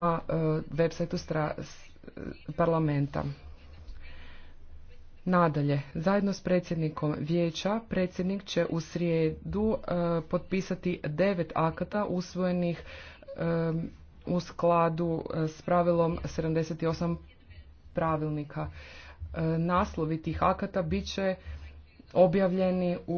na e, web sajtu e, parlamenta. Nadalje, zajedno s predsjednikom vijeća, predsjednik će u srijedu e, potpisati devet akata usvojenih u skladu s pravilom 78 pravilnika. naslovi tih akata bit će objavljeni u